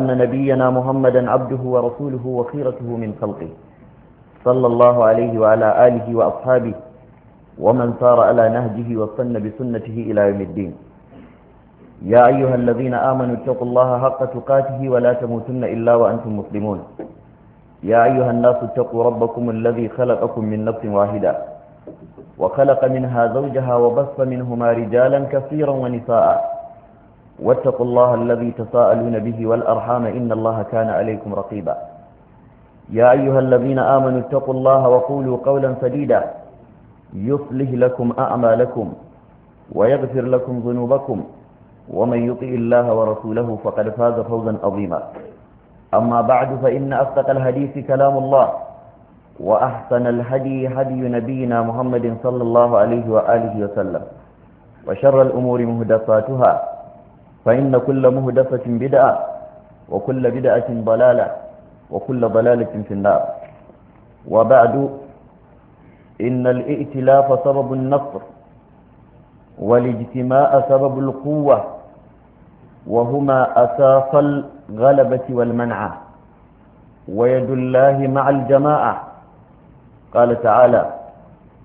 أن نبينا محمدا عبده ورسوله وخيرته من خلقه صلى الله عليه وعلى آله وأصحابه ومن سار على نهجه وصن بسنته إلى يوم الدين يا أيها الذين آمنوا اتقوا الله حق تقاته ولا تموتن إلا وأنتم مسلمون يا أيها الناس اتقوا ربكم الذي خلقكم من نفس واحدة وخلق منها زوجها وبث منهما رجالا كثيرا ونساء واتقوا الله الذي تساءلون به والأرحام إن الله كان عليكم رقيبا يا أيها الذين آمنوا اتقوا الله وقولوا قولا سديدا يصلح لكم أعمالكم ويغفر لكم ذنوبكم ومن يطئ الله ورسوله فقد فاز فوزا عظيما أما بعد فإن أصدق الحديث كلام الله وأحسن الهدي هدي نبينا محمد صلى الله عليه وآله وسلم وشر الأمور مهدفاتها فإن كل مهدفة بدعة وكل بدعة ضلالة وكل ضلالة في النار وبعد إن الائتلاف سبب النصر والاجتماع سبب القوة وهما أساس الغلبة والمنعة ويد الله مع الجماعة قال تعالى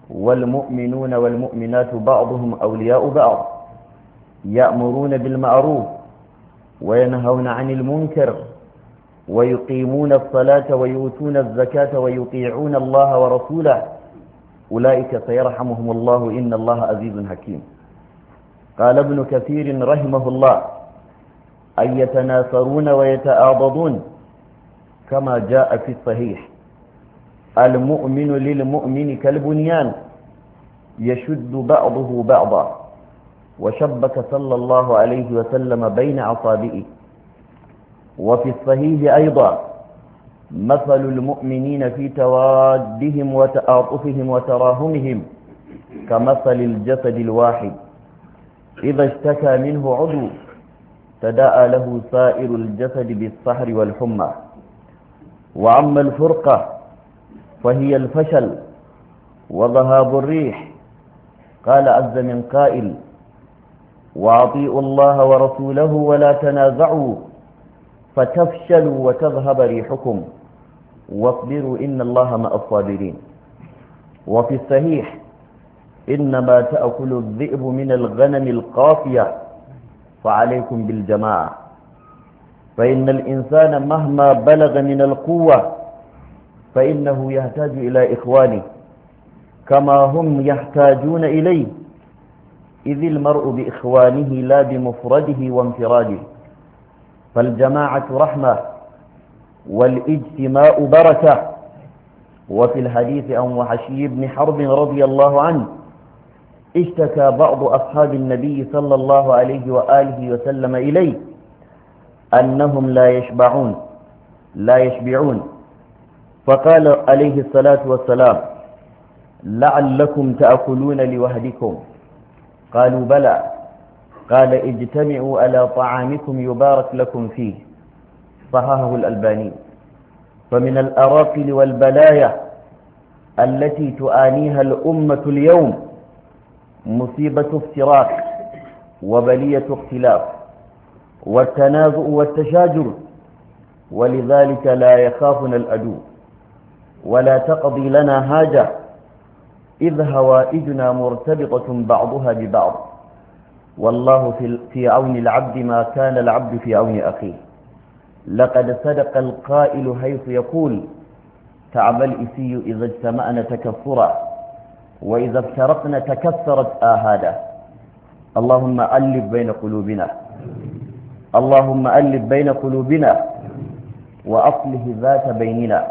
والمؤمنون والمؤمنات بعضهم أولياء بعض يأمرون بالمعروف وينهون عن المنكر ويقيمون الصلاة ويؤتون الزكاة ويطيعون الله ورسوله أولئك سيرحمهم الله إن الله عزيز حكيم قال ابن كثير رحمه الله أن يتناصرون ويتآبضون كما جاء في الصحيح المؤمن للمؤمن كالبنيان يشد بعضه بعضا وشبك صلى الله عليه وسلم بين أصابئه وفي الصحيح أيضا مثل المؤمنين في توادهم وتآطفهم وتراهمهم كمثل الجسد الواحد إذا اشتكى منه عضو تداءى له سائر الجسد بالصحر والحمى وأما الفرقة فهي الفشل وذهاب الريح قال عز من قائل وأطيعوا الله ورسوله ولا تنازعوا فتفشلوا وتذهب ريحكم واصبروا إن الله مع الصابرين وفي الصحيح إنما تأكل الذئب من الغنم القافية فعليكم بالجماعة فإن الإنسان مهما بلغ من القوة فإنه يحتاج إلى إخوانه كما هم يحتاجون إليه إذ المرء بإخوانه لا بمفرده وانفراده فالجماعة رحمة والاجتماع بركة وفي الحديث عن وحشي بن حرب رضي الله عنه اشتكى بعض أصحاب النبي صلى الله عليه وآله وسلم إليه أنهم لا يشبعون لا يشبعون فقال عليه الصلاة والسلام لعلكم تأكلون لوحدكم قالوا بلى قال اجتمعوا على طعامكم يبارك لكم فيه صححه الألباني فمن الأراقل والبلايا التي تعانيها الأمة اليوم مصيبة افتراق وبلية اختلاف والتنازع والتشاجر ولذلك لا يخافنا الأدو ولا تقضي لنا هاجه إذ هوائجنا مرتبطة بعضها ببعض والله في, في عون العبد ما كان العبد في عون أخيه لقد صدق القائل حيث يقول تعب الإسي إذا اجتمعنا تكثرا وإذا افترقنا تكثرت آهادا اللهم ألف بين قلوبنا اللهم ألف بين قلوبنا وأصله ذات بيننا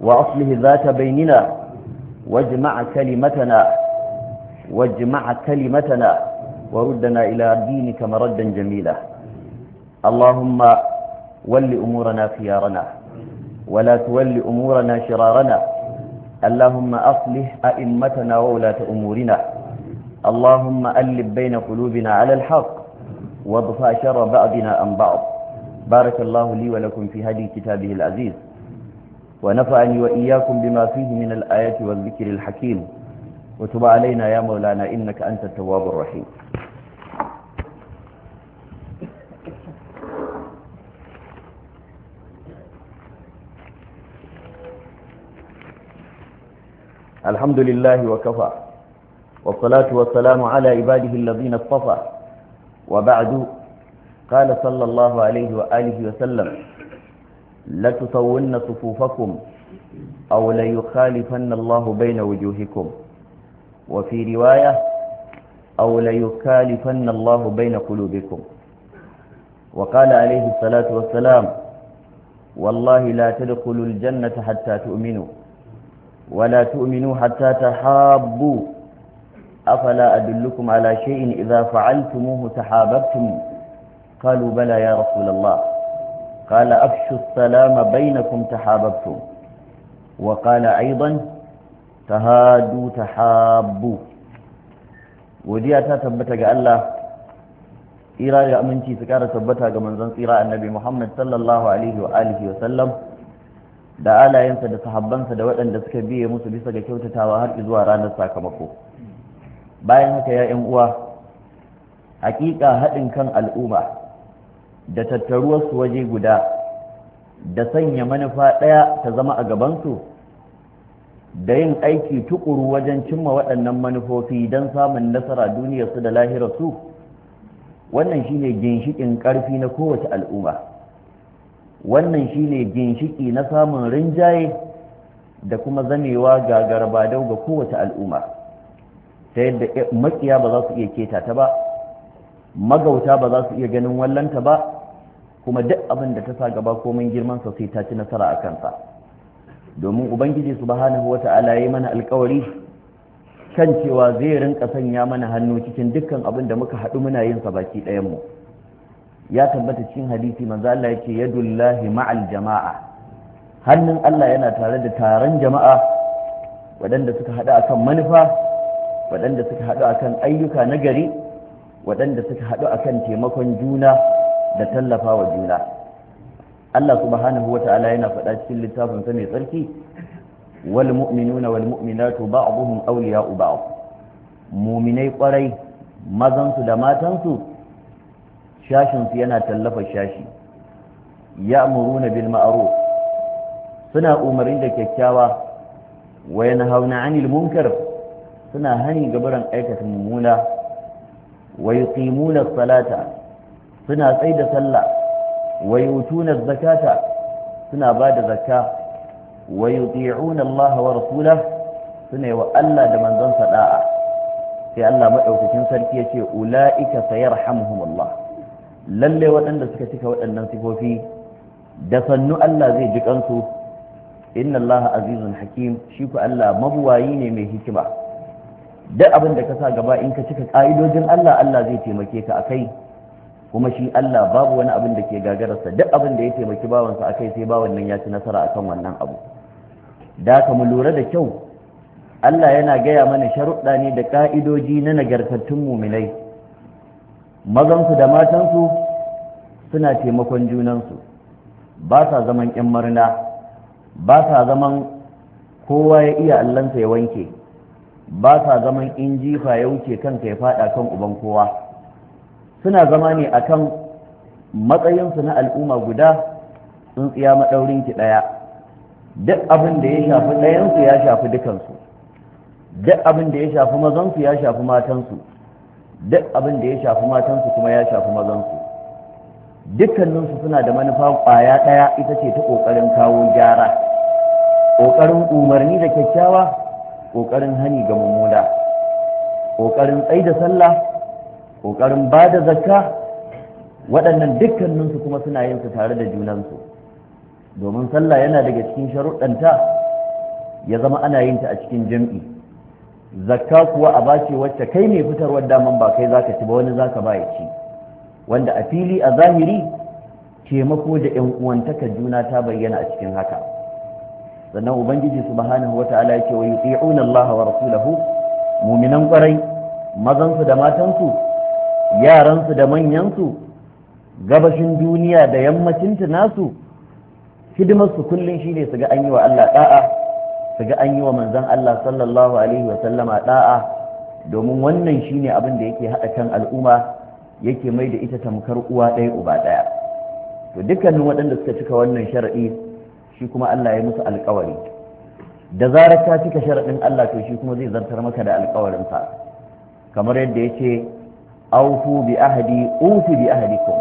وأصله ذات بيننا واجمع كلمتنا واجمع كلمتنا وردنا إلى دينك مردا جميلا اللهم ول أمورنا خيارنا ولا تول أمورنا شرارنا اللهم أصلح أئمتنا وولاة أمورنا اللهم ألب بين قلوبنا على الحق واضفى شر بعضنا عن بعض بارك الله لي ولكم في هدي كتابه العزيز ونفعني وإياكم بما فيه من الآيات والذكر الحكيم وتب علينا يا مولانا إنك أنت التواب الرحيم الحمد لله وكفى والصلاة والسلام على عباده الذين اصطفى وبعد قال صلى الله عليه وآله وسلم لتطولن صفوفكم أو ليخالفن الله بين وجوهكم وفي رواية أو ليكالفن الله بين قلوبكم وقال عليه الصلاة والسلام والله لا تدخلوا الجنة حتى تؤمنوا ولا تؤمنوا حتى تحابوا أفلا أدلكم على شيء إذا فعلتموه تحاببتم قالوا بلى يا رسول الله قال أفشوا السلام بينكم ta وقال أيضا تهادوا godiya ta tabbata ga Allah ira da aminci su kara tabbata ga manzon tsira annabi Muhammad sallallahu da alayensa da sahabbansa da waɗanda suka biye musu bisa ga kyautatawa har zuwa ranar sakamako bayan haka ya uwa haƙiƙa haɗin kan al'umma da tattaruwarsu waje guda da sanya manufa ɗaya ta zama a gabansu da yin aiki tukuru wajen cimma waɗannan manufofi don samun nasara duniyarsu da lahirarsu wannan shine ginshikin ƙarfi na kowace al'umma wannan shine ginshiki na samun rinjaye da kuma zamewa ga garbadau ga kowace al'umma ta yadda makiya ba za su iya keta ta ba magauta ba za su iya ganin wallanta ba kuma duk abin da ta sa gaba komin girman sa sai ta ci nasara a kansa domin ubangiji subhanahu wata'ala yayi mana alkawari kan cewa zai rinka sanya mana hannu cikin dukkan abin da muka haɗu muna yin sa baki ɗayan mu ya tabbata cikin hadisi manzo Allah yake yadullahi ma'al jama'a hannun Allah yana tare da taron jama'a waɗanda suka haɗu akan manufa waɗanda suka haɗu akan ayyuka na gari waɗanda suka haɗu kan taimakon juna da tallafa wa juna Allah subhanahu wa ta'ala yana faɗa cikin littafinsa mai tsarki wal mu'minuna wal mu'minatu ba'dhum awliya'u ba'd mu'minai kwarai mazan su da matan su shashin su yana tallafa shashi ya'muruna bil ma'ruf suna umarin da kyakkyawa wa yanhauna 'anil munkar suna hani gabaran aikata mummuna wa yuqimuna salata suna tsaye da sallah wa yutuna zakata suna ba da zakka wa yuti'una Allah wa rasulahu suna yi wa Allah da manzon saɗa'a sai Allah madaukakin sarki ya ce ula'ika sayarhamuhumullah lalle waɗanda suka cika waɗannan sifofi da sannu Allah zai ji kansu inna Allah azizun hakim shi ku Allah mabuwayi ne mai hikima duk abin da ka sa gaba in ka cika ka'idojin Allah Allah zai taimake ka akai kuma shi Allah babu wani abin da ke gagararsa duk abin da ya taimaki bawansa akai sai bawan nan ya ci nasara akan wannan abu da ka mu lura da kyau Allah yana gaya mana sharuɗa ne da ƙa'idoji na nagartattun muminai mazansu da matansu suna taimakon junansu ba sa zaman 'yan murna ba sa zaman kowa ya iya allansa ya wanke ba sa zaman in jifa ya wuce kanka ya fada kan uban kowa suna zama ne akan matsayinsu na al'umma guda tsintsiya maɗaurin ki ɗaya duk abin da ya shafi ɗayansu ya shafi dukansu duk abin da ya shafi mazansu ya shafi matansu duk abin da ya shafi matansu kuma ya shafi mazansu dukkaninsu suna da manufa ƙwaya ɗaya ita ce ta ƙoƙarin kawo gyara ƙoƙarin umarni da kyakkyawa ƙoƙarin hani ga mummuna ƙoƙarin tsai da sallah ƙoƙarin ba da zakka waɗannan dukkaninsu kuma suna yin su tare da junansu domin sallah yana daga cikin sharuɗanta ya zama ana yin ta a cikin jam'i zakka kuwa a ce wacce kai mai fitarwar daman ba kai zaka ci ba wani zaka ba ya ci wanda a fili a zahiri taimako da 'yan uwantaka juna ta bayyana a cikin haka sannan ubangiji subhanahu wata'ala yake wa yuti'una Allah wa rasulahu mu'minan kwarai mazansu da matansu yaransu da manyansu gabashin duniya da yammacin nasu hidimarsu kullum shine su ga an yi wa Allah da'a su ga an yi wa manzon Allah sallallahu alaihi wa sallama da'a domin wannan shine abin da yake hada kan al'umma yake mai da ita tamkar uwa ɗaya uba ɗaya to dukkanin waɗanda suka cika wannan sharaɗi shi kuma Allah ya musu alkawari da zarar ka cika sharaɗin Allah to shi kuma zai zartar maka da alkawarinsa kamar yadda ya ce aufu bi ahadi ufi bi ahadikum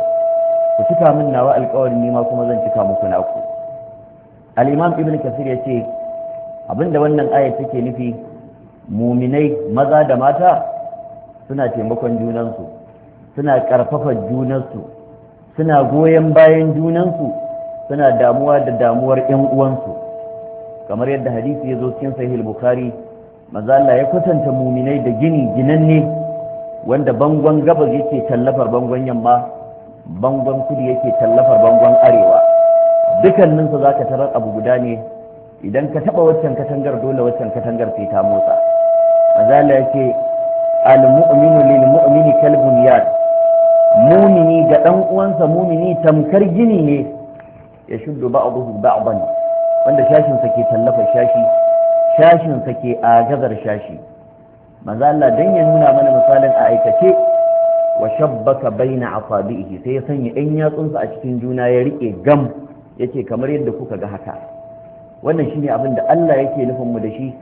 ku cika min nawa alkawarin ni ma kuma zan cika muku naku al-imam ibn kasir ya ce abinda wannan aya take nufi muminai maza da mata suna taimakon junansu suna karfafa junansu suna goyon bayan junansu suna damuwa da damuwar ƴan uwansu kamar yadda hadisi ya zo cikin sahih bukhari Mazala ya kwatanta muminai da gini ginanne wanda bangon gabas yake tallafar bangon yamma bangon kudu yake tallafar bangon arewa dukannin za ka tarar abu guda ne idan ka taba waccan katangar dole waccan katangar sai ta motsa azala yake al-mu'minu lil mu'mini kal bunyan mumini ga dan uwansa mumini tamkar gini ne ya shuddu ba'dahu ba'dan wanda shashin sa ke tallafa shashi shashin sa ke agazar shashi manzo Allah dan ya nuna mana misalin a aikace wa shabbaka baina asabihi sai ya sanya ɗan sa a cikin juna ya rike gam yace kamar yadda kuka ga haka wannan shine abin da Allah yake nufin mu da shi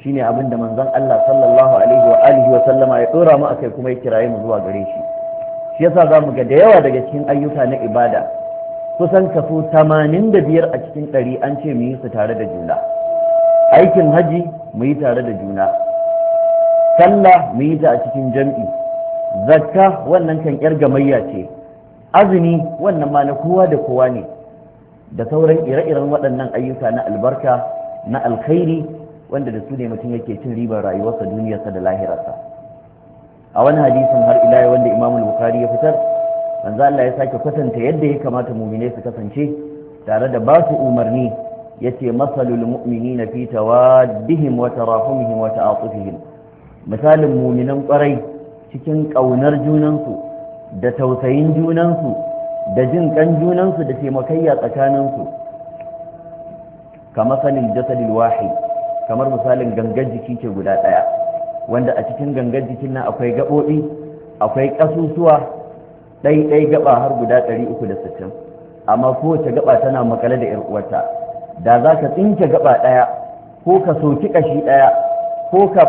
shine abin da manzon Allah sallallahu alaihi wa alihi wa sallama ya dora mu akai kuma ya kiraye mu zuwa gare shi shi yasa zamu ga da yawa daga cikin ayyuka na ibada kusan kaso 85 a cikin ɗari an ce mu yi su tare da juna aikin haji mu yi tare da juna sallah mu yi ta a cikin jam'i zakka wannan kan yar gamayya ce azumi wannan ma na kowa da kowa ne da sauran ire-iren waɗannan ayyuka na albarka na alkhairi wanda da su ne mutum yake cin ribar rayuwarsa duniyarsa da lahirarsa a wani hadisin har ila wanda imamul bukhari ya fitar manzo Allah ya sake kwatanta yadda ya kamata mu'mine su kasance tare da ba su umarni yace masalul mu'minina fi tawaddihim wa tarahumihim wa ta'atufihim misalin mu'minan kwarai cikin ƙaunar junansu da tausayin junansu da jin kan junansu da taimakayya tsakaninsu kamar sanin jasadin wahid kamar misalin gangar jiki ke guda ɗaya. wanda a cikin gangar jikin nan akwai gaɓoɓi akwai ƙasusuwa ɗaiɗai gaba har guda 360 amma kowace gaba tana makale da 'yar uwarta da za ka tsinke gaba ɗaya ko ka soki kashi ɗaya ko ka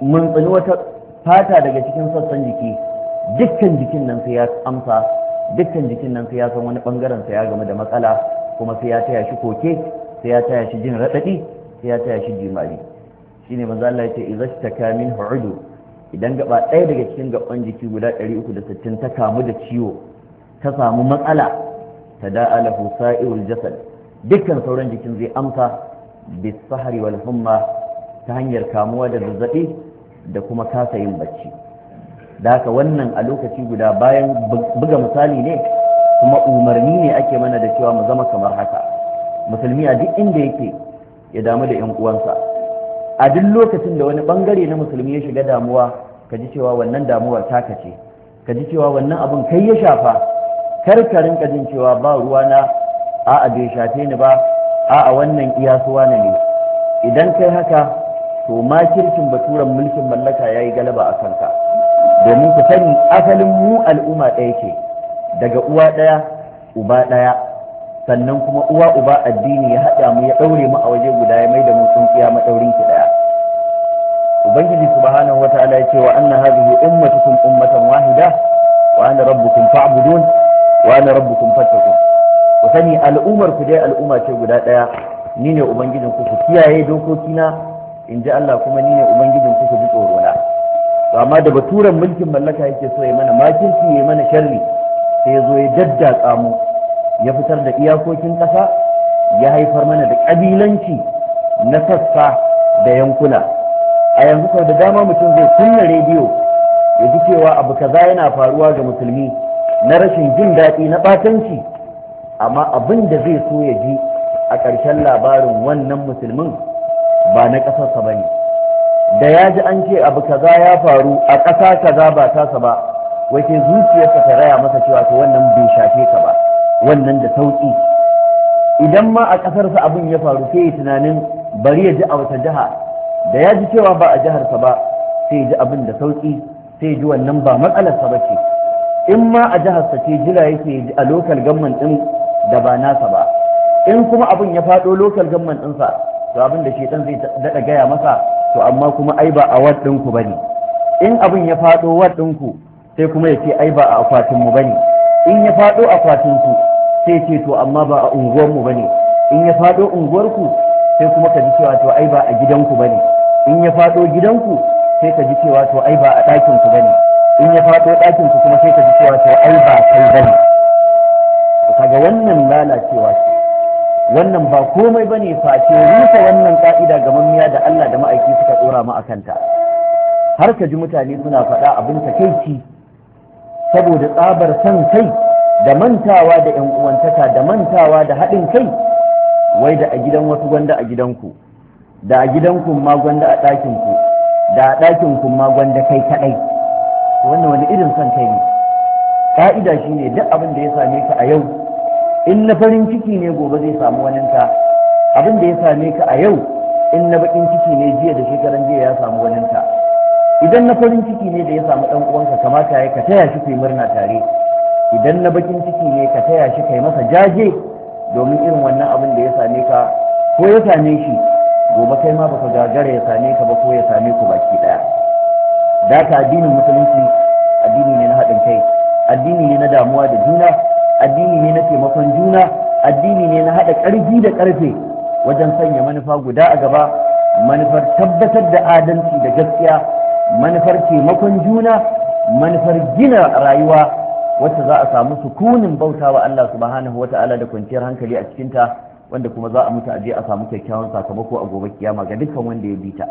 muntsini wata fata daga cikin sassan jiki dukkan jikin nan sai ya amsa dukkan jikin nan sai ya san wani bangaren sai ya game da matsala kuma sai ya taya shi koke sai ya taya shi jin raɗaɗi sai ya taya shi jimari shine manzo Allah yace idza min idan gaba ɗaya daga cikin gaban jiki guda sittin ta kamu da ciwo ta samu matsala ta da'alahu sa'irul jasad dukkan sauran jikin zai amsa bis sahari wal humma ta hanyar kamuwa da zazzabi da kuma kasa yin bacci da haka wannan a lokaci guda bayan buga misali ne kuma umarni ne ake mana da cewa mu zama kamar haka musulmi a duk inda yake ya damu da yan uwansa a duk lokacin da wani bangare na musulmi ya shiga damuwa ka ji cewa wannan damuwar taka ce ka ji cewa wannan abin kai ya shafa kar ka rinka jin cewa ba ruwa na a bai shafe ni ba a'a wannan iyasuwa na ne idan kai haka to ma kirkin baturan mulkin mallaka ya yi galaba a kanka domin ku sani asalin mu al'umma ɗaya ce daga uwa ɗaya uba ɗaya sannan kuma uwa uba addini ya haɗa mu ya ɗaure mu a waje guda ya mai da mu tsuntsiya maɗaurin ki ɗaya ubangiji subhanahu wataala yace wa anna hadhihi ummatukum ummatan wahida wa ana rabbukum fa'budun wa ana rabbukum fattaqun ku sani al'ummar ku dai al'umma ce guda daya ni ne ubangijin ku ku kiyaye dokokina in ji Allah kuma ni ne ubangijin ku ku ji tsoro na to amma da baturan mulkin mallaka yake so ya mana makirci ya mana sharri sai ya zo ya daddatsa mu ya fitar da iyakokin ƙasa ya haifar mana da ƙabilanci na sassa da yankuna a yanzu kuma da dama mutum zai kunna rediyo ya ji cewa abu kaza yana faruwa ga musulmi na rashin jin daɗi na ɓatanci amma abin da zai so ya ji a ƙarshen labarin wannan musulmin ba na ƙasarsa ba ne da ya ji an ce abu kaza ya faru a ƙasa kaza ba tasa ba wace zuciyarsa ta raya masa cewa to wannan bai shafe ka ba wannan da sauƙi idan ma a ƙasarsa abin ya faru sai yi tunanin bari ya ji a wata jiha da ya ji cewa ba a jiharsa ba sai ji abin da sauki sai ji wannan ba matsalarsa ba ce in ma a jiharsa ce jira yake a lokal gamman ɗin da ba nasa ba in kuma abin ya faɗo lokal gamman ɗinsa to abin da shedan zai daɗa gaya masa to amma kuma ai ba a wad ɗinku ba ne in abin ya faɗo wad ɗinku sai kuma ya ce ai ba a akwatinmu ba ne in ya faɗo akwatinku sai ce to amma ba a unguwarmu ba ne in ya faɗo unguwarku sai kuma ka ji cewa to ai ba a gidanku ba ne in ya faɗo gidanku sai ka ji cewa to ai ba a ɗakin ku bane in ya faɗo ɗakin ku kuma sai ka ji cewa to ai ba kai bane kaga wannan lalacewa ce wannan ba komai bane face rufe wannan ka'ida ga mamiya da Allah da ma'aiki suka dora mu akanta har ka ji mutane suna faɗa abin takeici saboda tsabar san kai da mantawa da 'yan uwantaka da mantawa da haɗin kai wai da a gidan wasu gwanda a gidanku da a gidanku ma gwanda a ɗakinku da a ɗakinku ma gwanda kai kaɗai wannan wani irin son kai ne ƙa'ida shi ne duk abin da ya same ka a yau in na farin ciki ne gobe zai samu waninka abin da ya same ka a yau in na baƙin ciki ne jiya da shekaran jiya ya samu waninka idan na farin ciki ne da ya samu ɗan uwanka kamata ya ka taya shi kai murna tare idan na baƙin ciki ne ka taya shi kai masa jaje domin irin wannan abin da ya same ka ko ya same shi gobe kai ma baka gagara ya same ka ba ko ya same ku baki daya da ka addinin musulunci addini ne na haɗin kai addini ne na damuwa da juna addini ne na taimakon juna addini ne na haɗa ƙarfi da ƙarfe wajen sanya manufa guda a gaba manufar tabbatar da adalci da gaskiya manufar taimakon juna manufar gina rayuwa wacce za a samu sukunin bautawa Allah subhanahu wata'ala da kwanciyar hankali a cikinta wanda kuma za a mutu a je a samu kyakkyawan sakamako a gobe kiyama ga dukkan wanda ya bi ta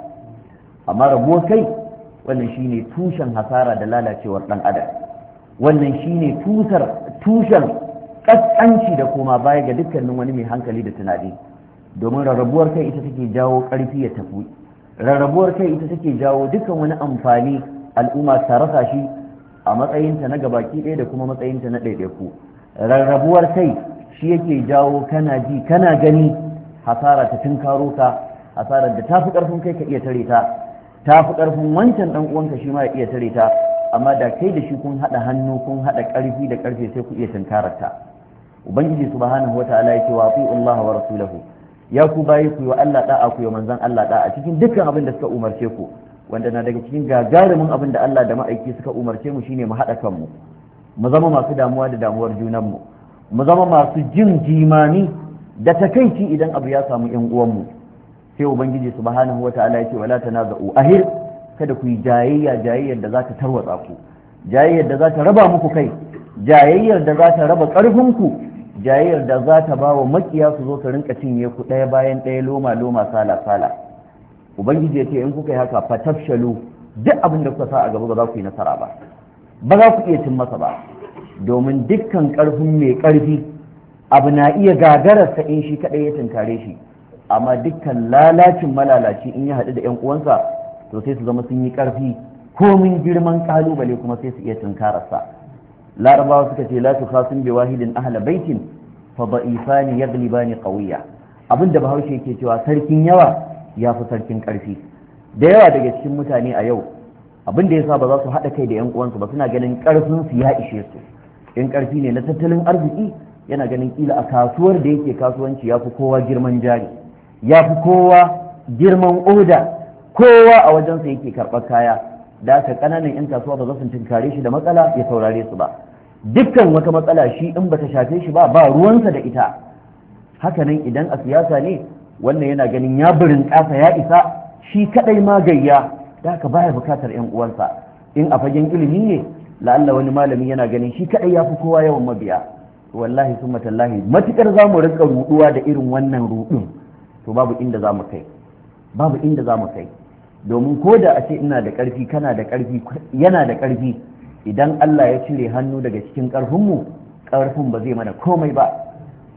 amma rabuwar kai wannan shine tushen hasara da lalacewar dan adam wannan shine tusar tushen kaskanci da koma baya ga dukkanin wani mai hankali da tunani domin rarrabuwar kai ita take jawo karfi ya tafi rarrabuwar kai ita take jawo dukkan wani amfani al'umma ta rasa shi a matsayinta na gabaki ɗaya da kuma matsayinta na ɗaiɗaiku rarrabuwar kai shi yake jawo kana ji kana gani hasara ta tunkaro ka hasarar da tafi karfin kai ka iya tare ta tafi karfin wancan dan uwanka shi ma ya iya tare ta amma da kai da shi kun hada hannu kun hada karfi da karfe sai ku iya tunkarar ta ubangiji subhanahu wataala yake wa fi Allah wa rasulahu ya ku bayi ku wa Allah da'a ku manzon Allah da'a cikin dukkan abin da suka umarce ku wanda na daga cikin gagarumin abin da Allah da ma'aiki suka umarce mu shine mu hada kanmu mu zama masu damuwa da damuwar junanmu mu Mu zama masu jin jimani da takaici idan abu ya samu yan mu. sai ubangiji subhanahu wata'ala ya ce wala tanaza'u ahir kada ku yi jayayya jayayyar da za ta tarwatsa ku jayayyar da za ta raba muku kai jayayyar da za ta raba ku, jayayyar da za ta ba wa makiya su zo su rinka cinye ku ɗaya bayan ɗaya loma loma sala sala ubangiji ya ce in kuka yi haka fatafshalu duk abin da kuka sa a gaba ba za ku yi nasara ba ba za ku iya cin masa ba domin dukkan ƙarfin mai ƙarfi abu na iya gagararsa in shi kaɗai ya tinkare shi amma dukkan lalacin malalaci in ya haɗu da 'yan uwansa to sai su zama sun yi ƙarfi komin girman ƙalubale kuma sai su iya tunkararsa larabawa suka ce la tu khasim bi wahidin ahla baitin fa da'ifani yaglibani qawiya abinda bahaushe yake cewa sarkin yawa ya fi sarkin ƙarfi da yawa daga cikin mutane a yau abin da ya sa ba za su haɗa kai da 'yan uwansu ba suna ganin ƙarfin su ya ishe su in ƙarfi ne na tattalin arziki yana ganin kila a kasuwar da yake kasuwanci ya fi kowa girman jari ya fi kowa girman oda kowa a wajensa yake karɓar kaya da aka ƙananan 'yan kasuwa ba za su tinkare shi da matsala ya saurare su ba dukkan wata matsala shi in ba ta shafe shi ba ba ruwansa da ita Haka nan idan a siyasa ne wannan yana ganin ya burin ƙasa ya isa shi kaɗai ma gayya da haka baya bukatar yan uwansa in a fagen ilimi ne la'alla wani malami yana ganin shi kadai ya fi kowa yawan mabiya wallahi sun matallahi matukar za mu rika ruduwa da irin wannan rudun to babu inda za mu kai babu inda za mu kai domin ko da a ce ina da ƙarfi kana da karfi yana da ƙarfi idan Allah ya cire hannu daga cikin ƙarfinmu ƙarfin ba zai mana komai ba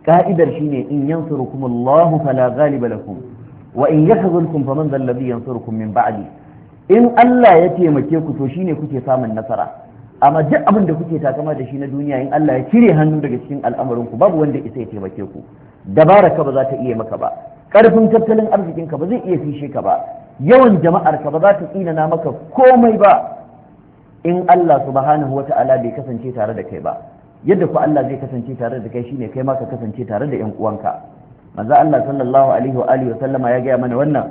ka'idar shine in yansurukum Allahu fala ghaliba lakum wa in yakhzulkum faman dhal ladhi yansurukum min ba'di in Allah ya taimake ku to shine kuke samun nasara amma duk abin da kuke takama da shi na duniya in Allah ya cire hannu daga cikin al'amarin ku babu wanda isa ya taimake ku dabara ka ba za ta iya maka ba karfin tattalin arzikin ka ba zai iya fishe ka ba yawan jama'ar ka ba za ta tsinana maka komai ba in Allah subhanahu wata'ala bai kasance tare da kai ba yadda ku Allah zai kasance tare da kai shine kai ma ka kasance tare da yan uwanka manzo Allah sallallahu alaihi wa alihi wa sallama ya gaya mana wannan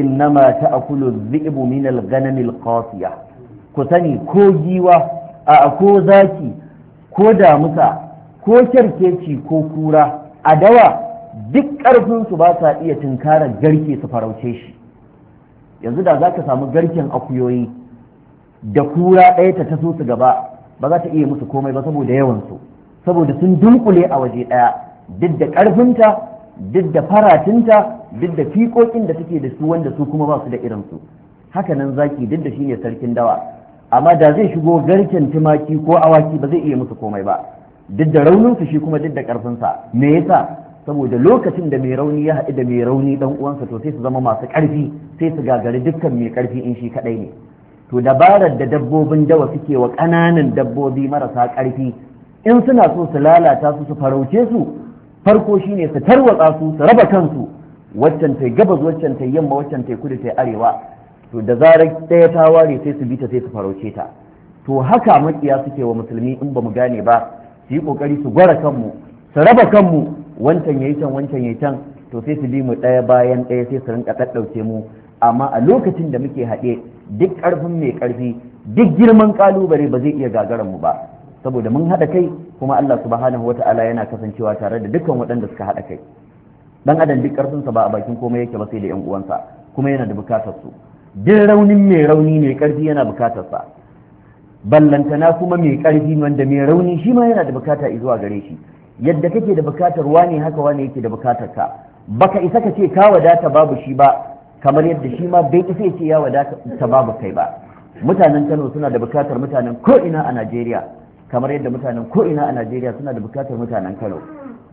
innama ta'kulu dhi'bu min al-ghanam ku sani ko giwa a ko zaki ko damusa ko kyarkeci ko kura a dawa duk ƙarfinsu su ba sa iya tinkara garke su farauce shi yanzu da za ka samu garken akuyoyi da kura ɗaya ta taso su gaba ba za ta iya musu komai ba saboda yawansu saboda sun dunkule a waje ɗaya duk da ƙarfinta duk da faratinta duk da fiƙoƙin da take da su wanda su kuma ba su da irinsu haka nan zaki duk da shine sarkin dawa amma da zai shigo garken tumaki ko awaki ba zai iya musu komai ba duk da rauninsu shi kuma duk da ƙarfinsa me yasa saboda lokacin da mai rauni ya haɗu da mai rauni dan uwansa to sai su zama masu ƙarfi sai su gagari dukkan mai ƙarfi in shi kaɗai ne to dabarar da dabbobin dawa suke wa ƙananan dabbobi marasa ƙarfi in suna so su lalata su su farauce su farko shine su tarwatsa su su raba kansu waccan ta gabas waccan ta yamma waccan ta kudu ta arewa to da zarar ɗaya ta ware sai su bita sai su farauce ta to haka makiya suke wa musulmi in ba mu gane ba su yi kokari su gwara kanmu su raba kanmu wancan yayi can wancan yayi can to sai su bi mu ɗaya bayan ɗaya sai su rinka ɗaɗɗauke mu amma a lokacin da muke haɗe duk ƙarfin mai ƙarfi duk girman ƙalubale ba zai iya gagaran mu ba saboda mun haɗa kai kuma Allah subhanahu wata'ala yana kasancewa tare da dukkan waɗanda suka haɗa kai dan adam duk sa ba a bakin komai yake ba sai da 'yan uwansa kuma yana da bukatar su duk raunin mai rauni mai ƙarfi yana bukatar sa ballantana kuma mai ƙarfi wanda mai rauni shi ma yana da bukata zuwa gare shi yadda kake da bukatar wane haka wane yake da bukatar ka baka isa ka ce ka wadata babu shi ba kamar yadda shi ma bai isa ce ya wadata babu kai ba mutanen Kano suna da bukatar mutanen ko ina a Najeriya kamar yadda mutanen ko'ina a najeriya suna da bukatar mutanen kano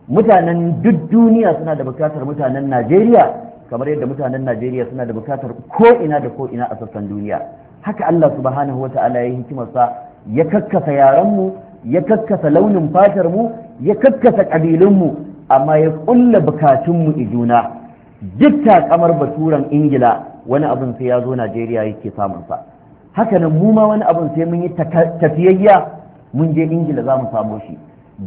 mutanen duk duniya suna da bukatar mutanen najeriya kamar yadda mutanen najeriya suna da bukatar ko'ina da ko'ina a sassan duniya haka allah subhanahu wa ta'ala ya hikimarsa ya kakkasa yaranmu, ya kakkasa launin fatar mu ya kakkasa ƙabilunmu amma ya ƙulla bukatunmu i juna duk takamar baturan ingila wani abin sai ya zo najeriya yake samunsa hakanan mu ma wani abin sai mun yi tafiyayya mun je ingila za mu samo shi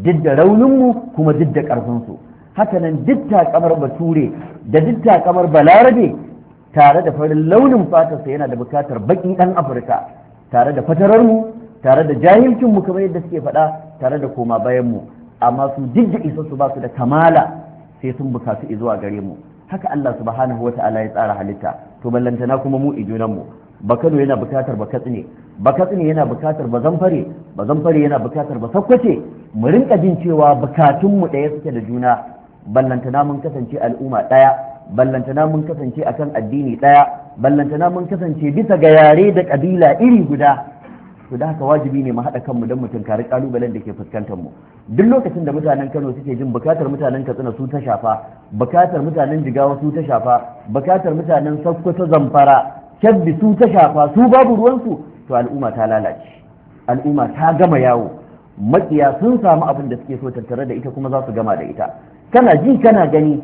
duk da rauninmu kuma duk da ƙarfinsu hakanan duk takamar bature da duk takamar balarabe tare da farin launin fatarsa yana da bukatar baƙi ɗan afirka tare da fatararmu tare da jahilcinmu kamar yadda suke faɗa tare da koma bayanmu amma su duk da isa su ba su da kamala sai sun bukatu zuwa gare mu haka Allah subhanahu wa ta'ala ya tsara halitta to ballantana kuma mu ijunanmu. mu bakano yana bukatar bakatsi ne bakatsini yana bukatar ba fare ba fare yana bukatar ba sakwace mu rinka jin cewa bukatun mu ɗaya suke da juna ballantana mun kasance al'umma ɗaya ballantana mun kasance akan addini ɗaya ballantana mun kasance bisa ga yare da kabila iri guda to da haka wajibi ne mu haɗa kanmu don mutum kare kalubalen da ke fuskantar mu duk lokacin da mutanen Kano suke jin bukatar mutanen Katsina su ta shafa bukatar mutanen Jigawa su ta shafa bukatar mutanen Sokoto Zamfara Kebbi su ta shafa su babu ruwan su. to al'umma ta lalace al'umma ta gama yawo makiya sun samu abin da suke so tattare da ita kuma za su gama da ita kana ji kana gani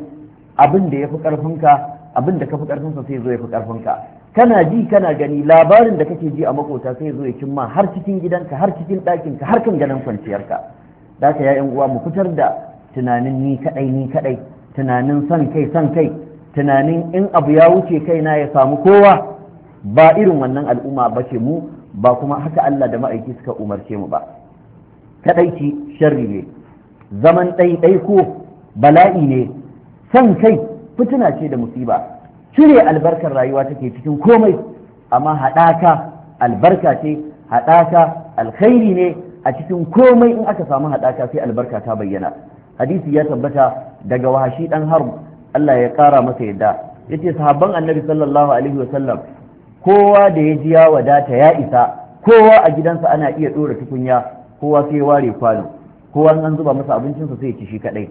abin da ya fi ƙarfinka abin da ka fi ƙarfinsa sai zo ya fi ƙarfinka kana ji kana gani labarin da kake ji a makota sai zo ya cimma har cikin gidanka har cikin ɗakinka har kan ganin kwanciyarka da ka ya uwa mu fitar da tunanin ni kaɗai ni kaɗai tunanin son kai son kai tunanin in abu ya wuce kaina ya samu kowa ba irin wannan al'umma ba ce mu ba kuma haka Allah da ma'aiki suka umarce mu ba kadaici sharri ne zaman ko bala'i ne san kai fituna ce da musiba cire albarkar rayuwa take cikin komai amma haɗaka albarka ce haɗaka alkhairi ne a cikin komai in aka samu haɗaka sai albarka ta bayyana hadisi ya tabbata daga wahashi dan harb Allah ya ƙara masa yadda yace sahabban annabi sallallahu alaihi wa sallam kowa da ya ji ya wadata ya isa kowa a gidansa ana iya ɗora tukunya kowa sai ya ware kwano kowa an zuba masa sa sai ya ci shi kaɗai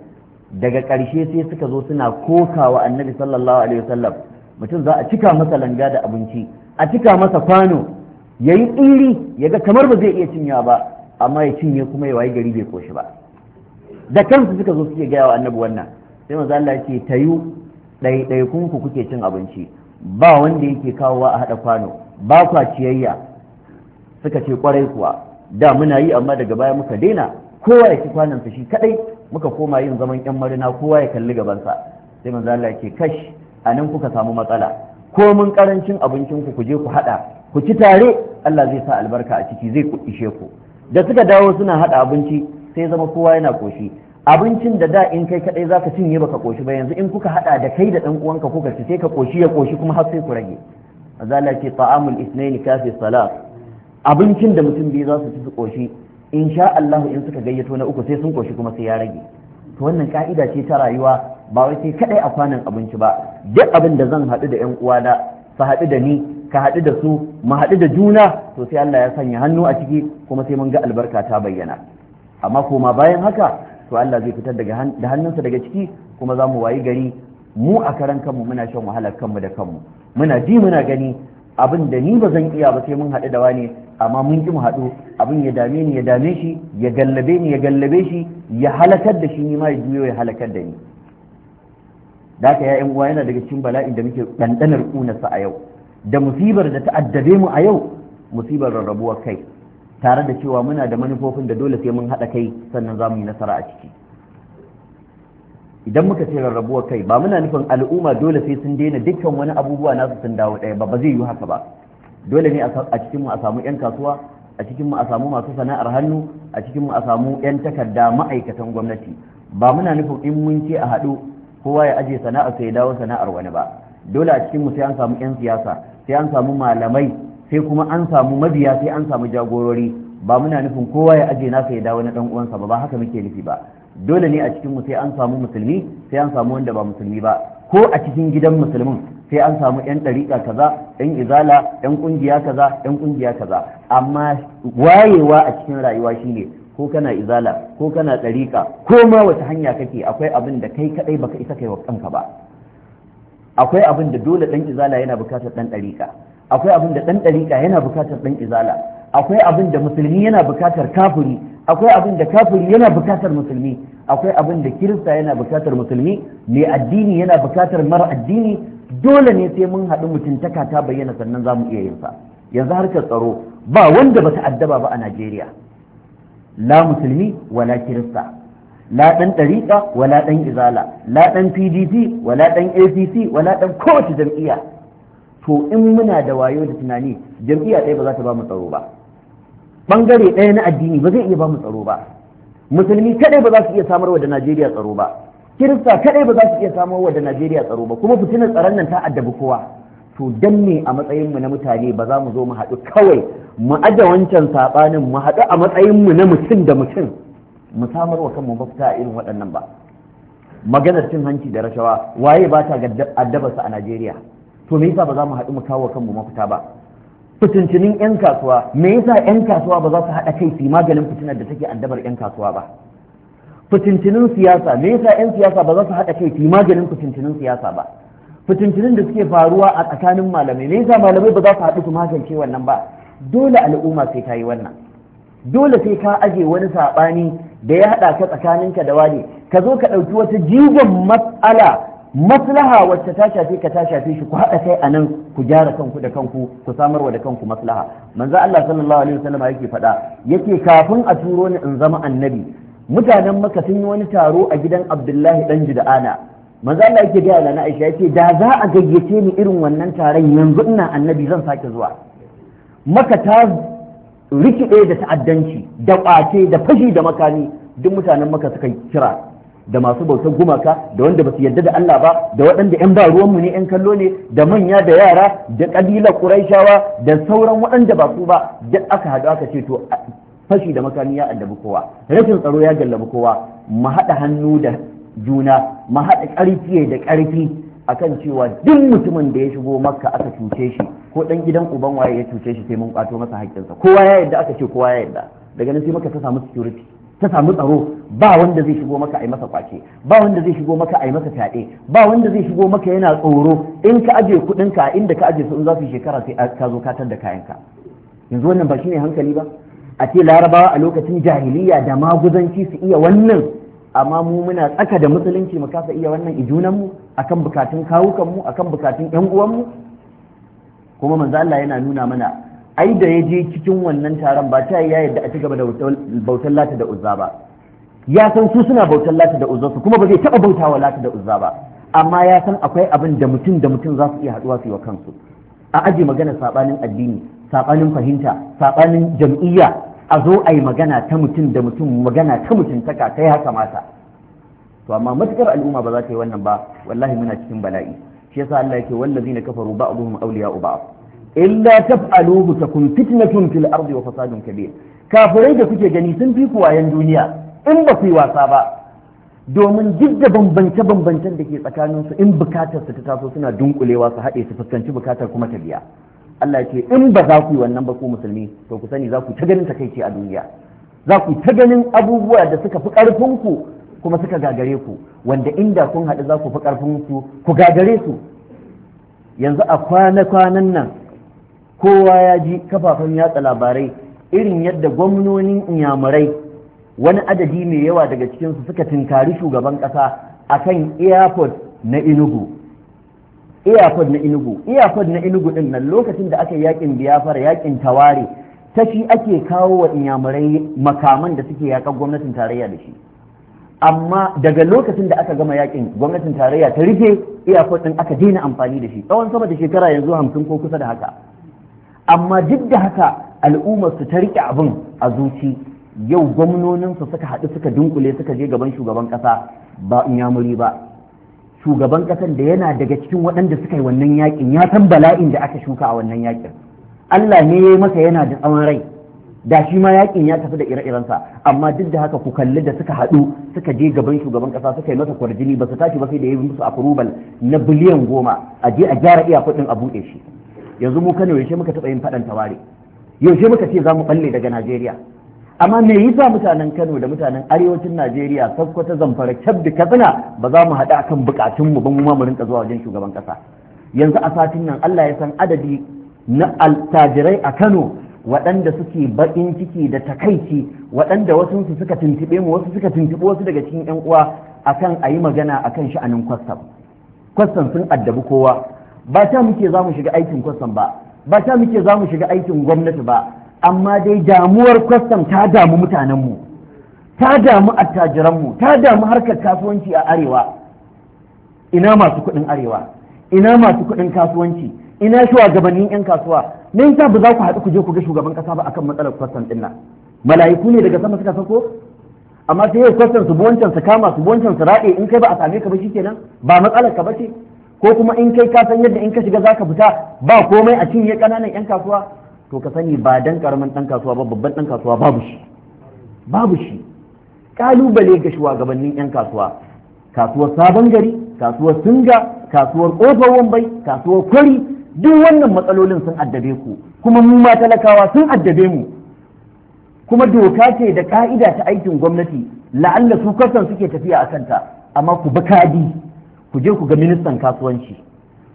daga ƙarshe sai suka zo suna kokawa annabi sallallahu alaihi wasallam mutum za a cika masa langa da abinci a cika masa kwano yayi yi tsiri ya ga kamar ba zai iya cinyewa ba amma ya cinye kuma ya wayi gari bai koshi ba da kansu suka zo suke gaya wa annabi wannan sai manzo Allah ya ce tayu kun ku kuke cin abinci ba wanda yake kawowa a haɗa kwano ba kwa ciyayya suka ce kwarai kuwa da muna yi amma daga baya muka daina kowa ya ci sa shi kadai muka koma yin zaman yan marina kowa ya kalli gabansa sai manzo Allah yake kash anan kuka samu matsala ko mun karancin abincin ku ku je ku hada ku ci tare Allah zai sa albarka a ciki zai ishe ku da suka dawo suna hada abinci sai zama kowa yana koshi abincin da da in kai kadai zaka cinye baka koshi ba yanzu in kuka hada da kai da dan uwanka kuka ci sai ka koshi ya koshi kuma har sai ku rage azala ce ta'amul isnaini kafi salat abincin da mutum biyu za su ci su koshi insha Allah in suka gayyato na uku sai sun koshi kuma sai ya rage to wannan ka'ida ce ta rayuwa ba wai sai kadai a kwanan abinci ba duk abin da zan hadu da yan uwa uwana su haɗu da ni ka haɗu da su mu haɗu da juna to sai Allah ya sanya hannu a ciki kuma sai mun ga albarka ta bayyana amma kuma bayan haka to Allah zai fitar da hannunsa daga ciki kuma za mu wayi gari mu a karan kanmu muna shan wahalar kanmu da kanmu muna ji muna gani abin da ni ba zan iya ba sai mun haɗu da wani amma mun ki mu haɗu abin ya dame ni ya dame shi ya gallabe ni ya gallabe shi ya halakar da shi ni ma ya juyo ya halakar da ni da haka ya uwa yana daga cikin bala'in da muke ɗanɗanar ƙunarsa a yau da musibar da ta addabe mu a yau musibar rarrabuwar kai tare da cewa muna da manufofin da dole sai mun haɗa kai sannan za mu yi nasara a ciki idan muka ce rarrabuwar kai ba muna nufin al'umma dole sai sun daina dukkan wani abubuwa nasu sun dawo ɗaya ba ba zai yi haka ba dole ne a cikinmu a samu 'yan kasuwa a cikinmu a samu masu sana'ar hannu a cikinmu a samu 'yan takarda ma'aikatan gwamnati ba muna nufin in mun ce a haɗu kowa ya ajiye sana'ar sai ya dawo sana'ar wani ba dole a cikinmu sai an samu 'yan siyasa sai an samu malamai sai kuma an samu mabiya sai an samu jagorori ba muna nufin kowa ya aje nasa ya dawo na dan uwansa ba ba haka muke nufi ba dole ne a cikin mu sai an samu musulmi sai an samu wanda ba musulmi ba ko a cikin gidan musulmin sai an samu yan ɗariƙa kaza yan izala yan ƙungiya kaza yan ƙungiya kaza amma wayewa a cikin rayuwa shine ko kana izala ko kana ɗariƙa ko ma wata hanya kake akwai abin da kai kaɗai baka isa kai wa kanka ba akwai abin da dole ɗan izala yana bukatar ɗan ɗariƙa akwai abin da ɗan ɗariƙa yana buƙatar ɗan izala akwai abin da musulmi yana buƙatar kafuri. akwai abin da kafuri yana buƙatar musulmi akwai abin da kirista yana buƙatar musulmi mai addini yana buƙatar mara addini dole ne sai mun haɗu mutuntaka ta bayyana sannan za mu iya yin sa yanzu harkar tsaro ba wanda bata addaba ba a Najeriya la musulmi wala kirista la ɗan ɗariƙa wala ɗan izala la ɗan pdp wala ɗan acc wala ɗan kowace jam'iyya to in muna da wayo da tunani jam'iyya ɗaya ba za ta ba mu tsaro ba bangare ɗaya na addini ba zai iya ba mu tsaro ba musulmi kaɗai ba za su iya samarwa da najeriya tsaro ba kirista kaɗai ba za su iya samarwa da najeriya tsaro ba kuma fitinar tsaron nan ta addabi kowa to dan ne a matsayin mu na mutane ba za mu zo mu haɗu kawai mu aje wancan sabanin mu haɗu a matsayin mu na mutum da mutum mu samarwa wa kanmu mafita a irin waɗannan ba maganar cin hanci da rashawa waye ba ta addabarsa a najeriya to me yasa ba za mu haɗu mu kawo kanmu mafita ba fitincinin 'yan kasuwa me yasa 'yan kasuwa ba za su haɗa kai su maganin fitinar da take addabar 'yan kasuwa ba fitincinin siyasa me yasa 'yan siyasa ba za su haɗa kai su maganin fitincinin siyasa ba fitincinin da suke faruwa a tsakanin malamai me yasa malamai ba za su haɗu su magance wannan ba dole al'umma sai ta yi wannan dole sai ka aje wani saɓani da ya haɗa ka tsakaninka da wani ka zo ka ɗauki wata jigon matsala maslaha wacce ta shafe ka ta shafe shi ku haɗa kai a nan ku gyara kanku da kanku ku samarwa da kanku maslaha manzo Allah sallallahu alaihi wasallam yake faɗa yake kafin a turo ni in zama annabi mutanen maka sun yi wani taro a gidan Abdullahi dan Juda'ana manzo Allah yake gaya na Aisha yake da za a gayyace ni irin wannan taron yanzu ina annabi zan sake zuwa maka ta rikide da ta'addanci da kwace da fashi da makami duk mutanen maka suka kira da masu bautar gumaka da wanda ba su yarda da Allah ba da waɗanda 'yan ba ruwanmu ne 'yan kallo ne da manya da yara da ƙabila ƙuraishawa da sauran waɗanda ba su ba duk aka haɗu aka ce to fashi da makami ya addabi kowa rashin tsaro ya gallabi kowa mu haɗa hannu da juna mu haɗa ƙarfi da ƙarfi akan cewa duk mutumin da ya shigo makka aka cuce shi ko ɗan gidan uban waye ya cuce shi sai mun kwato masa haƙƙinsa kowa ya yarda aka ce kowa ya yarda daga nan sai maka ta samu security ta samu tsaro ba wanda zai shigo maka a yi masa kwace ba wanda zai shigo maka a yi masa fyaɗe ba wanda zai shigo maka yana tsoro in ka aje kuɗinka a inda ka ajiye su in za su shekara sai ka zo katar da kayanka yanzu wannan ba shine hankali ba a ce larabawa a lokacin jahiliya da maguzanci su iya wannan amma mu muna tsaka da musulunci mu kasa iya wannan mu akan bukatun kawukan mu akan bukatun yan mu kuma manzo Allah yana nuna mana ai da ya je cikin wannan taron ba ta ya yadda a ci gaba da bautar lata da uzza ba ya san su suna bautar lata da uzza su kuma ba zai taba bautawa lata da uzza ba amma ya san akwai abin da mutum da mutum za su iya haɗuwa su yi wa kansu a aje magana sabanin addini sabanin fahimta sabanin jam'iyya a zo a yi magana ta mutum da mutum magana ta mutum ka ta ya kamata to amma matukar al'umma ba za ta yi wannan ba wallahi muna cikin bala'i shi yasa Allah yake wallazina kafaru ba'dhum awliya'u ba'd illa taf'aluhu takun fitnatun fil ardi wa fasadun kabir kafirai da kuke gani sun fi kuwayen duniya in ba ku yi wasa ba domin duk da bambance bambancen da ke tsakanin su in bukatar su ta taso suna dunkulewa su haɗe su fuskanci bukatar kuma ta biya Allah ce in ba za ku yi wannan ba ku musulmi to ku sani za ku ta ganin takaici a duniya za ku ta ganin abubuwa da suka fi ƙarfin ku kuma suka gagare ku wanda inda kun haɗu za ku fi ƙarfin ku ku gagare su yanzu a kwana-kwanan nan kowa ya ji kafafen yatsa labarai irin yadda gwamnonin inyamurai wani adadi mai yawa daga cikinsu suka tinkari shugaban ƙasa kan airport na inugu airport na inugu airport na inugu din nan lokacin da aka yakin biyafar yakin taware ta shi ake kawo wa inyamurai makaman da suke yakan gwamnatin tarayya da shi amma daga lokacin da aka gama yakin gwamnatin tarayya ta rufe airport din aka daina amfani da shi tsawon sama da shekara yanzu hamsin ko kusa da haka amma duk da haka al'ummar su ta rike abin a zuci yau gwamnonin su suka haɗu suka dunkule suka je gaban shugaban ƙasa ba in ya muri ba shugaban ƙasar da yana daga cikin waɗanda suka yi wannan yakin ya san bala'in da aka shuka a wannan yakin Allah ne ya yi masa yana da tsawon rai da shi ma yakin ya tafi da ire sa amma duk da haka ku kalli da suka haɗu suka je gaban shugaban ƙasa suka yi masa kwarjini ba su tashi ba sai da ya yi musu approval na biliyan goma a je a gyara kuɗin a buɗe shi yanzu mu Kano yaushe muka taɓa yin faɗan taware yaushe muka ce za mu balle daga Najeriya amma me yasa mutanen Kano da mutanen arewacin Najeriya Sokoto Zamfara Kebbi Katsina ba za mu haɗu akan buƙatunmu ba mu ma mu rinka zuwa wajen shugaban kasa yanzu a satin nan Allah ya san adadi na altajirai a Kano waɗanda suke baƙin ciki da takaici waɗanda wasu su suka tuntuɓe mu wasu suka tuntuɓe wasu daga cikin 'yan uwa akan a yi magana akan sha'anin kwastam kwastam sun addabi kowa ba ta muke za mu shiga aikin kwastam ba ba ta muke za mu shiga aikin gwamnati ba amma dai damuwar kwastam ta damu mutanenmu ta damu attajiranmu ta damu harkar kasuwanci a arewa ina masu kuɗin arewa ina masu kuɗin kasuwanci ina shugabannin 'yan kasuwa me yasa ba za ku haɗu ku je ku ga shugaban ƙasa ba akan matsalar kwastam ɗin nan mala'iku ne daga sama suka sako amma sai yau kwastam su wancan su kama su wancan su raɗe in kai ba a same ka ba shikenan ba matsalar ka ba ce ko kuma in kai ka san yadda in ka shiga zaka fita ba komai a cinye kananan yan kasuwa to ka sani ba dan karamin ɗan kasuwa ba babban ɗan kasuwa babu shi babu shi Ƙalubale ga shugabannin yan kasuwa kasuwar sabon gari kasuwar singa kasuwar kofar wambai kasuwar kwari duk wannan matsalolin sun addabe ku kuma mu ma talakawa sun addabe mu kuma doka ce da ka'ida ta aikin gwamnati la'alla su kasan suke tafiya a kanta amma ku bi ku je ku ga ministan kasuwanci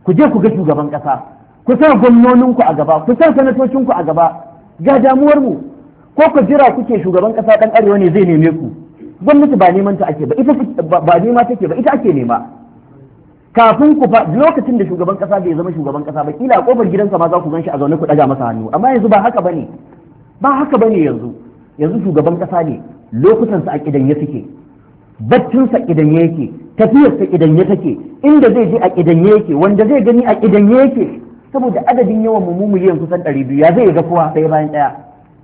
ku je ku ga shugaban kasa ku sa gwamnoninku a gaba ku sa sanatocinku a gaba ga damuwar mu ko ku jira kuke shugaban kasa dan arewa ne zai neme ku gwamnati ba neman ta ake ba ita ba nema take ba ita ake nema kafin ku fa lokacin da shugaban ƙasa bai zama shugaban ƙasa ba kila kofar gidansa ma za ku ganshi a zaune ku ɗaga masa hannu amma yanzu ba haka bane ba haka bane yanzu yanzu shugaban kasa ne lokutan sa a kidan ya suke baccinsa idan yake tafiyarsa ya take inda zai je a ƙidanye yake wanda zai gani a ƙidanye yake saboda adadin yawan mu miliyan kusan ɗari biyu ya zai ga kowa sai bayan ɗaya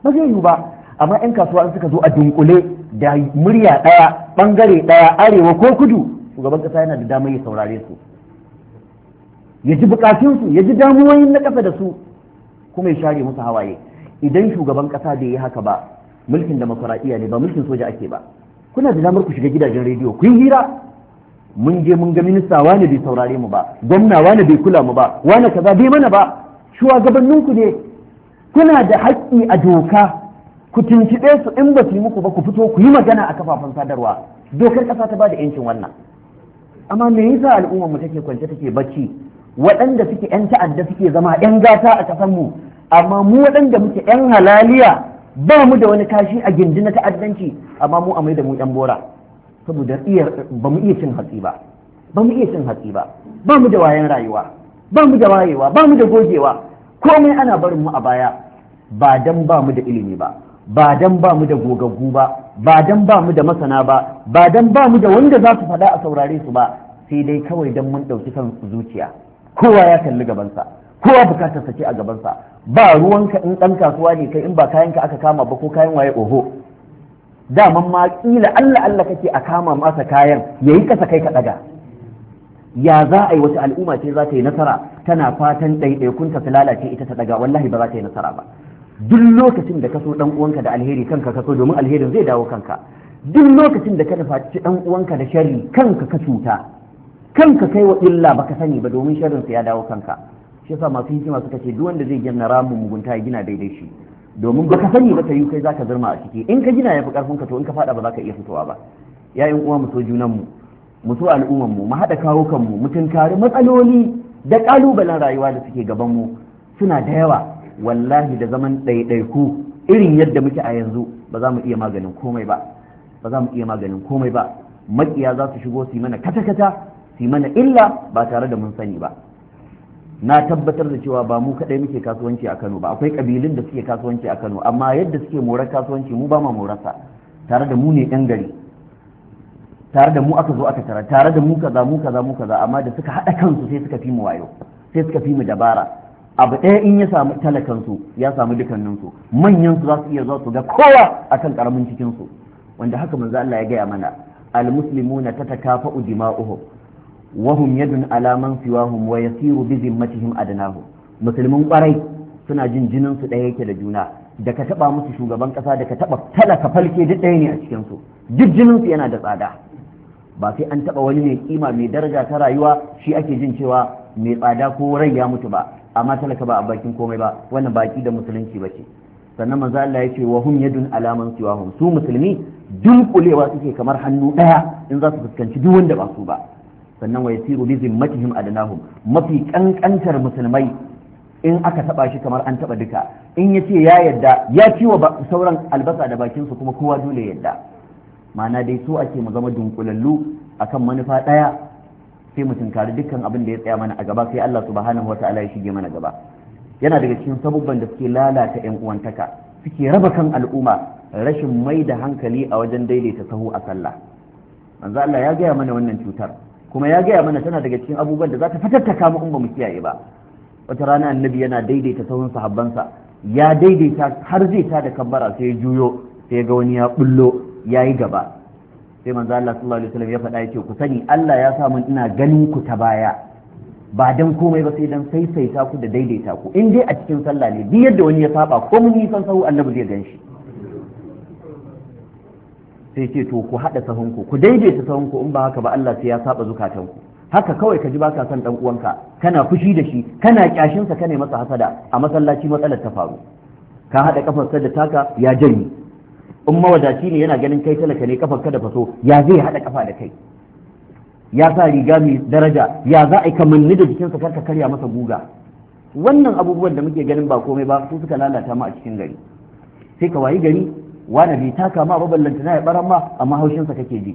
ba zai yiwu ba amma 'yan kasuwa in suka zo a dunkule da murya daya bangare ɗaya arewa ko kudu shugaban kasa yana da damar ya saurare su ya ji su ya ji damuwoyin na kasa da su kuma ya share musu hawaye idan shugaban ƙasa bai yi haka ba mulkin demokuraɗiyya ne ba mulkin soja ake ba kuna da damar ku shiga gidajen rediyo ku hira mun je mun ga minista wani bai saurare mu ba gwamna wani bai kula mu ba wani kaza bai mana ba shugabanninku ne kuna da haƙƙi a doka ku tuntuɓe su in ba su yi muku ba ku fito ku yi magana a kafafen sadarwa dokar ƙasa ta ba da yancin wannan amma me yasa al'ummar mu take kwance take bacci waɗanda suke yan ta'adda suke zama yan gata a kasanmu? mu amma mu waɗanda muke yan halaliya ba mu da wani kashi a gindi na ta'addanci amma mu mai da mu yan bora saboda ba mu iya cin hatsi ba ba mu iya cin hatsi ba ba mu da wayan rayuwa ba mu da wayewa ba mu da gogewa komai ana barin mu a baya ba dan ba mu da ilimi ba ba dan ba mu da gogaggu ba ba dan ba mu da masana ba ba dan ba mu da wanda za su faɗa a saurare su ba sai dai kawai dan mun ɗauki kan zuciya kowa ya kalli gabansa kowa bukatar sa ce a gabansa ba ruwanka in dan kasuwa ne kai in ba kayanka aka kama ba ko kayan waye oho daman ma kila Allah Allah kake a kama masa kayan yayi kasa kai ka daga ya za a yi wata al'umma ce za ta yi nasara tana fatan ɗaiɗaikunta su lalace ita ta daga wallahi ba za ta yi nasara ba duk lokacin da ka so dan uwanka da alheri kanka ka so domin alherin zai dawo kanka duk lokacin da ka nufaci dan uwanka da sharri kanka ka cuta kanka kai wa illa baka sani ba domin sharrin ya dawo kanka shi yasa masu hikima suka ce duk wanda zai gina ramin mugunta ya gina daidai shi domin baka sani ba ta yi kai zaka zama a ciki in ka gina yafi karfin ka to in ka fada ba zaka iya fitowa ba yayin uwa mu so junan mu mu so al'umman mu mu hada kawo kan mu mutunkari matsaloli da kalubalen rayuwa da suke gaban mu suna da yawa wallahi da zaman ɗaiɗaiku irin yadda muke a yanzu ba za mu iya maganin komai ba ba za mu iya maganin komai ba makiya za su shigo su yi mana kata-kata su yi mana illa ba tare da mun sani ba na tabbatar da cewa ba mu kaɗai muke kasuwanci a Kano ba akwai kabilun da suke kasuwanci a Kano amma yadda suke morar kasuwanci mu ba ma morarsa tare da mu ne ɗan gari tare da mu aka zo aka tara tare da mu kaza mu kaza mu kaza amma da suka haɗa kansu sai suka fi mu wayo sai suka fi mu dabara abu ɗaya in ya samu talakan ya samu dukannin su manyan su za su iya zuwa su ga kowa akan karamin cikinsu, wanda haka manzo Allah ya gaya mana al-muslimuna tatakafa'u dima'uhum wahum yadun alaman siwahum wa yasiru bi zimmatihim adnahu musulmin kwarai suna jin jinin su ɗaya yake da juna da ka taba musu shugaban kasa da ka taba talaka falke duk ɗaya ne a cikin su duk jinin su yana da tsada ba sai an taba wani mai kima mai daraja ta rayuwa shi ake jin cewa mai tsada ko rai ya mutu ba amma talaka ba a bakin komai ba wannan baki da musulunci ba ce sannan manzo Allah ya ce wa hum yadun alaman siwahum su musulmi dunkulewa suke kamar hannu daya in za su fuskanci duk wanda ba su ba sannan wa yasiru bi zimmatihim adnahum mafi kankantar musulmai in aka taba shi kamar an taba duka in yace ya yadda ya ciwa sauran albasa da bakin su kuma kowa dole yadda ma'ana dai su ake mu zama dunkulallu akan manufa daya sai mu tunkari dukkan abin da ya tsaya mana a gaba sai Allah subhanahu wataala ya shige mana gaba yana daga cikin sabubban da suke lalata yan uwantaka suke raba kan al'umma rashin mai da hankali a wajen daidaita sahu a sallah manzo Allah ya gaya mana wannan cutar kuma ya gaya mana tana daga cikin abubuwan da za ta fatattaka mu in ba mu kiyaye ba wata rana annabi yana daidaita sahun sahabbansa ya daidaita har zai ta da kabbara sai ya juyo sai ya ga wani ya bullo ya yi gaba sai manzo Allah sallallahu alaihi wasallam ya faɗa yace ku sani Allah ya sa mun ina ganin ku ta baya ba dan komai ba sai dan saisaita ku da daidaita ku in dai a cikin sallah ne bi yadda wani ya saba ko mun yi san sahu annabi zai gan shi sai ce to ku haɗa sahunku ku daidaita sahunku in ba haka ba Allah sai ya saba zukatanku haka kawai ka ji ba ka son dan uwanka kana fushi da shi kana kyashin sa kana masa hasada a masallaci matsalar ta faru ka haɗa kafar sa da taka ya janye in mawadaci ne yana ganin kai talaka ne kafar ka da faso ya zai haɗa kafa da kai ya sa riga mai daraja ya za a yi kamanni da jikinsa ka karya masa guga wannan abubuwan da muke ganin ba komai ba su suka lalata mu a cikin gari sai ka wayi gari wani bai taka ma baballanta na ya baran ma amma haushinsa kake ji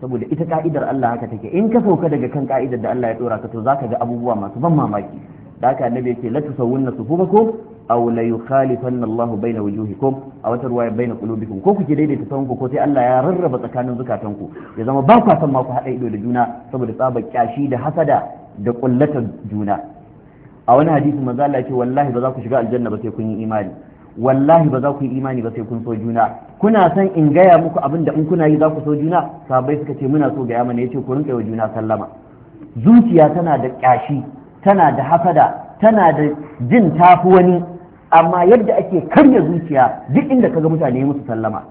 saboda ita ka'idar Allah haka take in ka sauka daga kan ka'idar da Allah ya dora ka to zaka ga abubuwa masu ban mamaki da haka annabi yake la tusawwunna sufufakum aw la yukhalifanna Allah baina wujuhikum aw tarwaya baina qulubikum ko kuke daidaita ku ko sai Allah ya rarraba tsakanin zukatanku ya zama ba ku san ma ku hada ido da juna saboda tsaba kyashi da hasada da kullatar juna a wani hadisi manzo Allah ce wallahi ba za ku shiga aljanna ba sai kun yi imani wallahi ba za ku yi imani ba sai kun so juna kuna san in gaya muku abin da in kuna yi za ku so juna sahabbai suka ce muna so gaya mana ce ku rinka wa juna sallama zuciya tana da kyashi tana da hasada, tana da jin tafi wani amma yadda ake karya zuciya duk inda kaga mutane musu sallama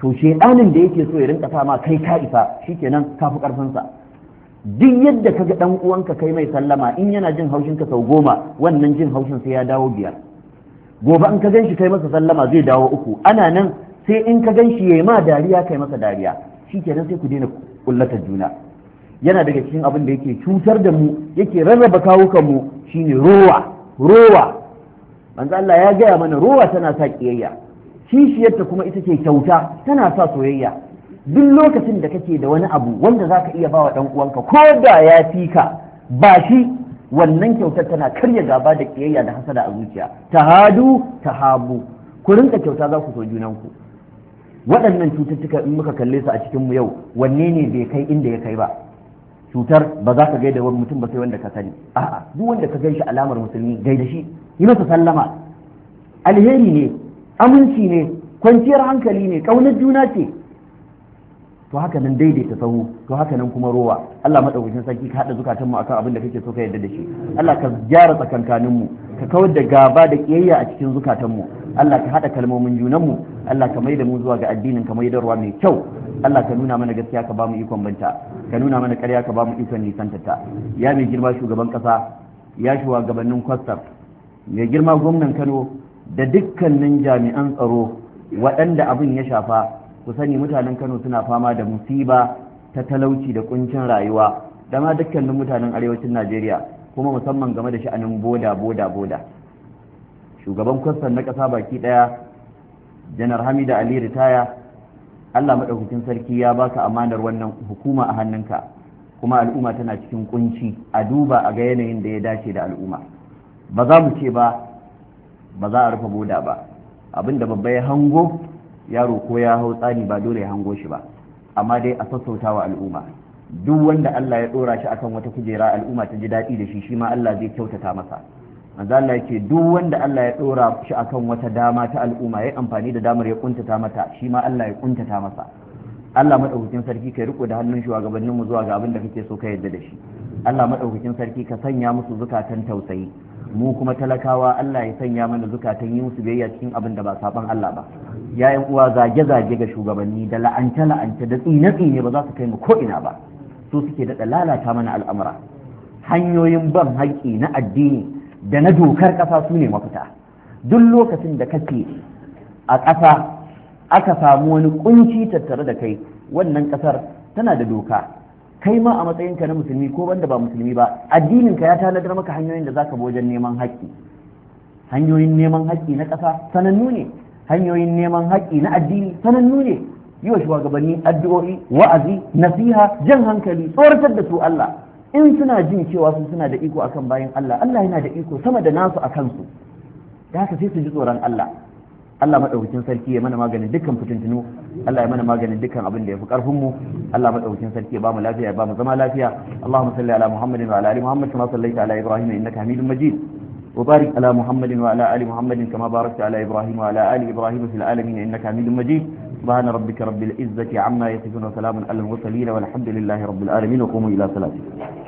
to shedanin da yake so ya rinka sa ma kai ka isa shikenan ka fi karfin sa duk yadda kaga dan uwanka kai mai sallama in yana jin haushin ka sau goma wannan jin haushin sai ya dawo biyar gobe in ka gan shi kai masa sallama zai dawo uku ana nan sai in ka gan shi ya ma dariya kai masa dariya shi kenan sai ku daina kullata juna yana daga cikin abin da yake cutar da mu yake rarraba kawukan mu shine rowa rowa manzo Allah ya gaya mana rowa tana sa kiyayya kishiyarta kuma ita ce kyauta tana sa soyayya duk lokacin da kake da wani abu wanda zaka iya bawa dan uwanka ko da ya fi ka ba shi wannan kyautar tana karya gaba da kiyayya da hasada a zuciya tahadu tahabu ku rinka kyauta za ku so junanku waɗannan cututtuka in muka kalle su a cikin mu yau wanne ne bai kai inda ya kai ba cutar ba za ka gaida wani mutum ba sai wanda ka sani a'a duk wanda ka shi alamar musulmi gaida shi yi masa sallama alheri ne aminci ne kwanciyar hankali ne ƙaunar juna ce to haka nan daidaita sahu to haka nan kuma rowa Allah madaukakin sarki ka hada zukatan mu akan abin da kake so ka yarda da shi Allah ka gyara tsakankanin mu ka kawar da gaba da kiyayya a cikin zukatan mu Allah ka hada kalmomin junan mu Allah ka maida mu zuwa ga addinin ka maidarwa mai kyau Allah ka nuna mana gaskiya ka ba mu ikon banta ka nuna mana ƙarya ka ba mu ikon nisantata ya mai girma shugaban kasa ya gabanin kwastar mai girma gwamnan Kano da dukkanin jami'an tsaro waɗanda abin ya shafa ku sani mutanen kano suna fama da musiba ta talauci da kuncin rayuwa da ma dukkanin mutanen arewacin najeriya kuma musamman game da sha'anin boda boda boda shugaban kwastan na ƙasa baki ɗaya janar hamida ali ritaya allah maɗaukakin sarki ya baka amanar wannan hukuma a hannunka kuma al'umma tana cikin kunci a duba a ga yanayin da ya dace da al'umma ba za mu ce ba ba za a rufe boda ba abinda babba ya hango yaro ko ya hau tsani ba dole ya hango shi ba amma dai a sassauta wa al'umma duk wanda Allah ya dora shi akan wata kujera al'umma ta ji daɗi da shi shi ma Allah zai kyautata masa manzo Allah yake duk wanda Allah ya dora shi akan wata dama ta al'umma ya amfani da damar ya kuntata mata shi ma Allah ya kuntata masa Allah madaukakin sarki kai riko da hannun gabanin mu zuwa ga abin da kake so ka yarda da shi Allah madaukakin sarki ka sanya musu zukatan tausayi mu kuma talakawa Allah ya sanya mana zukatan yi musu biyayya cikin abin da ba saban Allah ba yayin uwa zage zage ga shugabanni da la'anta la'anta da tsine tsine ba za su kai mu ko ina ba su suke da lalata mana al'amura hanyoyin ban haƙƙi na addini da na dokar ƙasa su ne mafita duk lokacin da kake a ƙasa aka samu wani kunci tattare da kai wannan ƙasar tana da doka kai ma a matsayinka na musulmi ko banda ba musulmi ba addinin ka ya tanadar maka hanyoyin da zaka bi wajen neman haƙƙi hanyoyin neman haƙƙi na ƙasa sanannu ne hanyoyin neman haƙƙi na addini sanannu ne yi wa shugabanni addu'o'i wa'azi nasiha jan hankali tsoratar da su Allah in suna jin cewa su suna da iko akan bayan Allah Allah yana da iko sama da nasu akan su da haka sai su ji tsoron Allah Allah madaukakin sarki ya mana maganin dukkan fitintunu Allah ya mana maganin dukkan abin da ya fi karfin mu Allah madaukakin sarki ya ba mu lafiya ya ba mu zama lafiya Allahumma salli ala Muhammadin wa ala ali Muhammad kama sallaita ala Ibrahim innaka Hamidum Majid وبارك على محمد وعلى آل محمد كما باركت على إبراهيم وعلى آل إبراهيم في العالمين إنك حميد مجيد سبحان ربك رب العزة عما يصفون وسلام على المرسلين والحمد لله رب العالمين وقوموا إلى صلاتكم